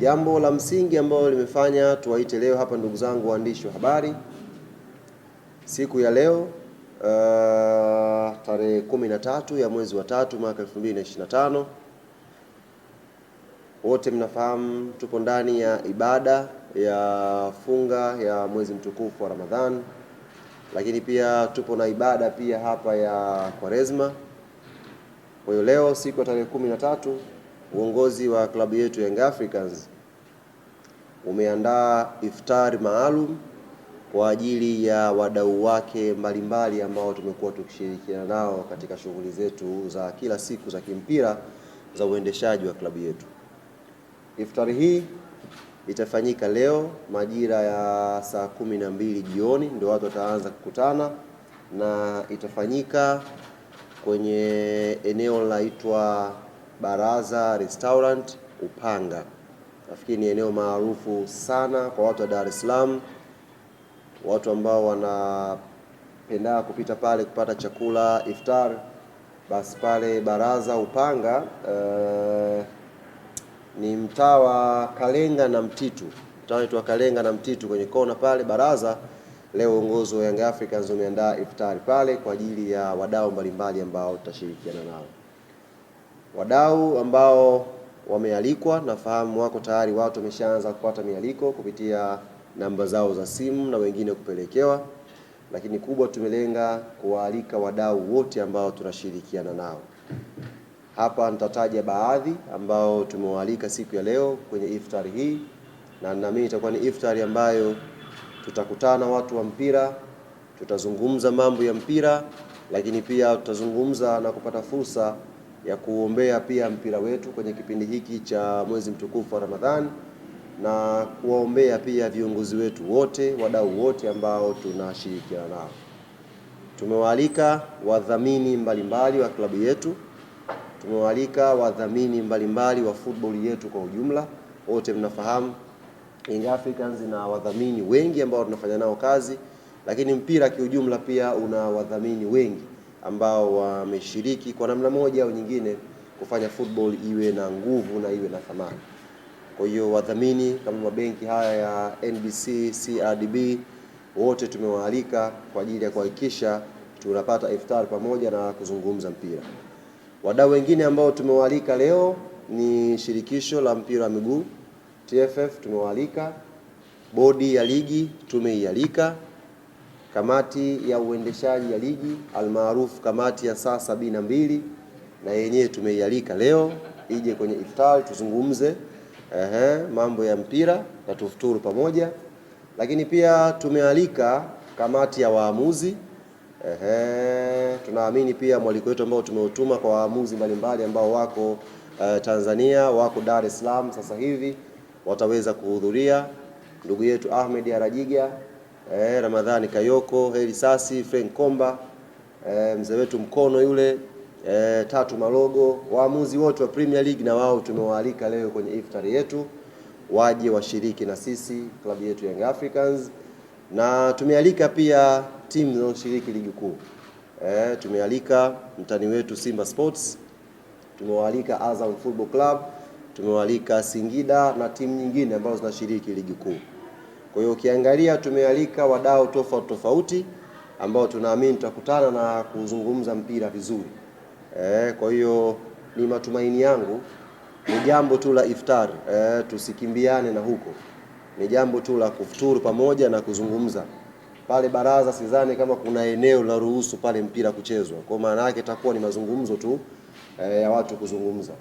Jambo la msingi ambalo limefanya tuwaite leo hapa, ndugu zangu waandishi wa habari, siku ya leo uh, tarehe kumi na tatu ya mwezi wa tatu mwaka 2025 wote mnafahamu tupo ndani ya ibada ya funga ya mwezi mtukufu wa ramadhan lakini pia tupo na ibada pia hapa ya Kwaresma. Kwa hiyo leo siku ya tarehe kumi na tatu Uongozi wa klabu yetu Young Africans umeandaa iftari maalum kwa ajili ya wadau wake mbalimbali ambao tumekuwa tukishirikiana nao katika shughuli zetu za kila siku za kimpira za uendeshaji wa klabu yetu. Iftari hii itafanyika leo majira ya saa kumi na mbili jioni ndio watu wataanza kukutana, na itafanyika kwenye eneo linaloitwa Baraza Restaurant Upanga. Nafikiri ni eneo maarufu sana kwa watu wa Dar es Salaam, watu ambao wanapenda kupita pale kupata chakula iftar, basi pale Baraza Upanga uh, ni mtaa wa Kalenga na Mtitu, mtaa wetu wa Kalenga na Mtitu kwenye kona pale Baraza. Leo uongozi wa Young Africans umeandaa iftari pale kwa ajili ya wadau mbalimbali ambao tutashirikiana nao wadau ambao wamealikwa, nafahamu wako tayari, watu wameshaanza kupata mialiko kupitia namba zao za simu na wengine kupelekewa, lakini kubwa tumelenga kuwaalika wadau wote ambao tunashirikiana nao. Hapa nitataja baadhi ambao tumewaalika siku ya leo kwenye iftari hii, na nami itakuwa ni iftari ambayo tutakutana watu wa mpira, tutazungumza mambo ya mpira, lakini pia tutazungumza na kupata fursa ya kuombea pia mpira wetu kwenye kipindi hiki cha mwezi mtukufu wa Ramadhani na kuwaombea pia viongozi wetu wote, wadau wote ambao tunashirikiana nao. Tumewaalika wadhamini mbalimbali wa klabu yetu, tumewaalika wadhamini mbalimbali wa football yetu kwa ujumla. Wote mnafahamu Young Africans na wadhamini wengi ambao tunafanya nao kazi, lakini mpira kiujumla pia una wadhamini wengi ambao wameshiriki kwa namna moja au nyingine kufanya football iwe na nguvu na iwe na thamani. Kwa hiyo wadhamini kama mabenki haya ya NBC, CRDB wote tumewaalika kwa ajili ya kuhakikisha tunapata iftar pamoja na kuzungumza mpira. Wadau wengine ambao tumewaalika leo ni shirikisho la mpira wa miguu TFF tumewaalika, bodi ya ligi tumeialika. Kamati ya uendeshaji ya ligi almaarufu kamati ya saa sabini na mbili na yenyewe tumeialika leo ije kwenye iftar tuzungumze ehe, mambo ya mpira na tufuturu pamoja, lakini pia tumealika kamati ya waamuzi ehe. Tunaamini pia mwaliko wetu ambao tumeutuma kwa waamuzi mbalimbali ambao wako eh, Tanzania wako Dar es Salaam sasa hivi wataweza kuhudhuria. Ndugu yetu Ahmed Arajiga eh, Ramadhani Kayoko, Heri Sasi, Frank Komba, eh, mzee wetu mkono yule eh, Tatu Malogo, waamuzi wote wa Premier League na wao tumewaalika leo kwenye iftari yetu waje washiriki na sisi klabu yetu Young Africans, na tumealika pia timu zinazoshiriki ligi kuu eh, tumealika mtani wetu Simba Sports, tumewaalika Azam Football Club, tumewaalika Singida na timu nyingine ambazo zinashiriki ligi kuu. Kwa hiyo ukiangalia, tumealika wadau tofauti tofauti ambao tunaamini tutakutana na kuzungumza mpira vizuri e. Kwa hiyo ni matumaini yangu, ni jambo tu la iftar e, eh, tusikimbiane na huko, ni jambo tu la kufuturu pamoja na kuzungumza pale baraza. Sidhani kama kuna eneo ruhusu pale mpira kuchezwa, kwa maana yake itakuwa ni mazungumzo tu eh, ya watu kuzungumza.